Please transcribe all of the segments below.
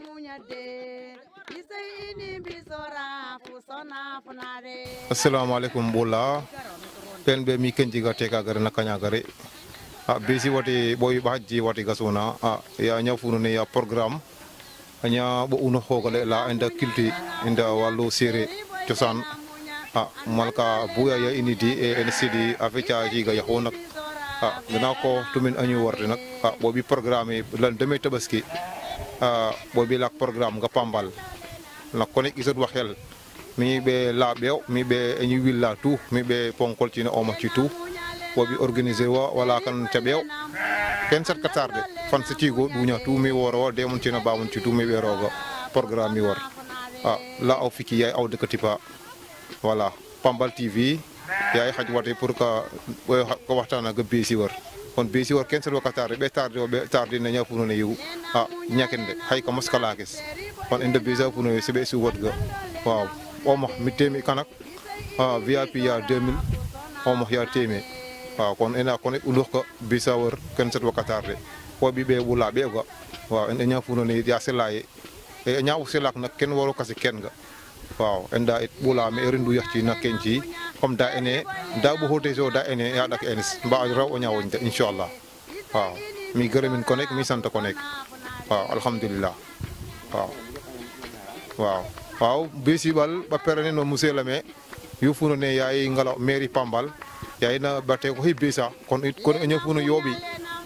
munyat na ini bisora fusona funare assalamu alaikum bola be mi kenji ga teka gar na kanya gare a bisi wati boy baji wati gasuna a ya nyafunu ne ya program anya bo uno hogale la inda kilti inda walu sire tosan a malka buya ya di e ncd afecha ji ga yahonak ah ko tumin añu warde nak ah bi programme lan demé tabaski ah bi lak programme ga pambal na ne gisot waxel mi be labew mi be añu villa tu mi be ponkol ci na ma ci tu bi organiser wa wala kan tabew ken sat katar de fan go du duña tu mi woro demun ci na bamun ci tu mi be rogo programme mi war ah la aw ki yaay aw dekati tipa wala pambal tv yaay xaj wati pour que ko waxtaan ak bisi war kon bisi war ken sel wakatare be tardi be tardi na nya funone yu a de hay ko moskala kes kon inde beesa funone be su wot ga waaw o mo ah, mi temi kanak ya ah, ya a vip ya 2000 o mo ya temi waaw kon ina kon ulu ko beesa war ken sel wakatare ko bi be wula be ga waaw en nya ne ya laay e nya laak nak ken woro kasi ken ga waaw enda it wula me rindu yax ci nak ci comme da ene da ɓo hoteso da ene haɗak enes mbawa raw o ñawoñde inchallah waaw mi gërëmin ko mi sant ko nekk waaw alhamdulillah waaw waaw waaw ba ɓaperane no monsieur le maire yufuno ne yayi ngala mairie pambal yayina ɓate ko hibbisa kono kono ñafuno yooɓi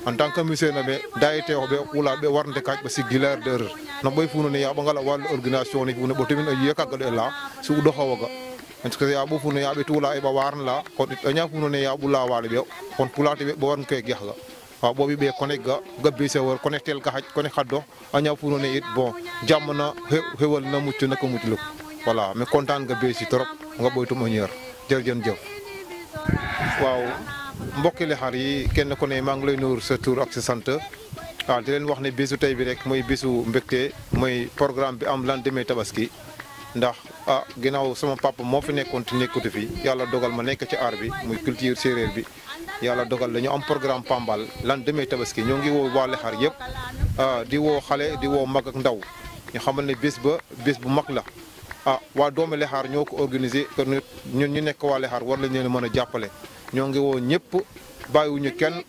en tant que monsieur no ɓe dayite ko ɓe ɓula ɓe warde kaaj ɓe sigilaire de heure no ɓoy funo ne yaɓa ngala wallu organisation ni funo ɓo temin a yiya kagga ɗo e la so ɗohowoga koye yaɓo funo yaɓe tuula eɓa warnala kono ɗiɗɗo ña funone yaɓula waɗo ɓe kono tuulate ɓe ɓowan koye gueh ga ha ɓoɓi ɓe connect ga ga besewor connect tel ga haj connect a ña funone it bon jammana hewal na muccu naka mucclok voilà mais content ga beesi trop nga ɓoytum o ñeer jërëjën jëf waaw mbokki xar yi kenn ku ne maa ngi lay nuyu sa tur ak sa sant waaw di wax ne bisu tey bi rek mooy bisu mbégte mooy programme bi ndax ah ginnaaw sama papa moo fi nekkoon te nekkatu fi yàlla dogal ma nekk ci aar bi muy culture séeréer bi yàlla dogal dañu am programme Pambal lan demee tabaski ñoo ngi woo waa Lexar yëpp ah, di woo xale di woo mag ak ndaw ñu xamal ne bés ba bés bu mag la ah waa doomu Lexar ñoo ko organisé kon ñun ñu nekk waa Lexar war lañ ne mën a jàppale ñoo ngi woo ñëpp bàyyiwuñu kenn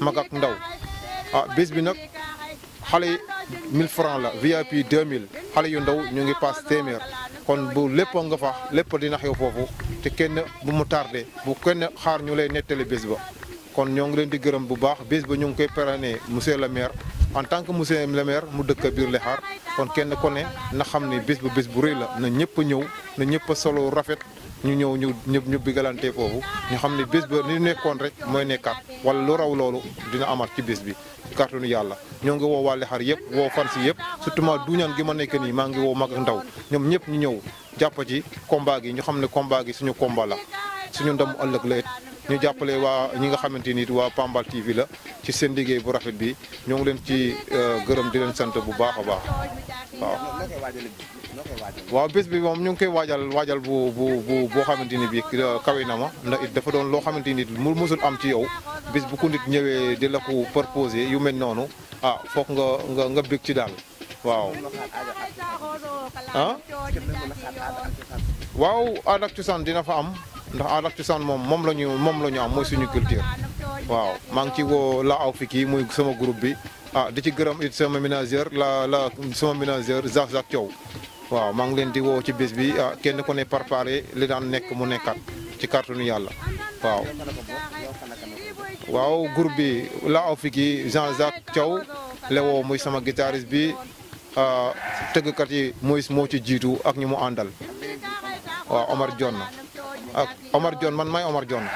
mag ak ndaw ah bés bi nag xale yi 1000 francs la VIP 2000 xale yu ndaw ñu ngi paas téeméer kon bu lépp nga fax lépp dinax yow foofu te kenn bu mu tardé bu kenn xaar ñu lay nettali bés ba kon ñoo ngi leen di gërëm bu baax bés ba ñu ngi koy parrainé monsieur le maire en tant que monsieur le maire mu dëkk biir Lexaar kon kenn ku ne na xam ne bés ba bés bu rëy la na ñëpp ñëw na ñëpp a solo rafet ñu ñëw ñu ñëpp ñu bigalante foofu ñu xam ne bés ba ni nekkoon rek mooy nekkaat wala lu raw loolu dina amaat ci bi kàttanu yàlla ñoo ngi woo wàlli xar yëpp woo fan si yëpp surtout ma duñaan gi ma nekk nii maa ngi woo mag ak ndaw ñoom ñëpp ñu ñëw jàpp ci combat gi ñu xam ne combat gi suñu combat la suñu ndamu ëllëg la it ñu jàppale waa ñi nga xamante ni waa Pambal TV la ci seen liggéey bu rafet bi ñoo ngi leen ci euh, gërëm di leen sant bu baax a baax waaw. waaw bés bi moom ñu ngi koy waajal waajal bu bu bu boo xamante ni bii euh, kawe na ma ndax it dafa doon loo xamante ni mu musul am ci yow bis bu ko nit ñëwee di la ko proposé yu mel noonu ah foog nga nga nga bég ci daal waaw. ah. waaw aada ak cosaan dina fa am ndax aada ak cosaan moom moom la ñu moom la ñu am mooy suñu culture. waaw maa ngi ci woo la aw fii kii muy sama groupe bi ah di ci gërëm it sama ménageur la la sama ménageur Zak Zak Thiaw waaw maa ngi leen di woo ci bés bi ah kenn ku ne préparé li nekk mu nekkat ci kàttanu yàlla waaw. waaw group bi La Afrique Jean-Jacques Thiaw Lewo muy sama guitariste bi ah, tëggkat yi Moïse moo ci jiitu ak ñu mu àndal waaw Omar Dione ak Omar Dione man may Omar Dione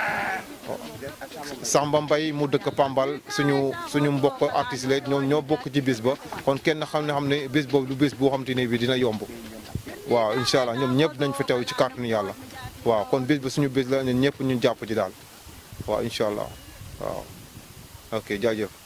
Samba Mbaye mu dëkk Pambal suñu suñu mbokk artiste la ñoom ñoo bokk ci bis ba kon kenn xam ne xam ne bis boobu du bis boo xam te ne bi dina yomb waaw incha allah ñoom ñëpp nañ fa teew ci kàttanu yàlla waaw kon bis ba suñu bis la ñun ñëpp ñu jàpp ci daal waaw incha allah waaw ok jaajëf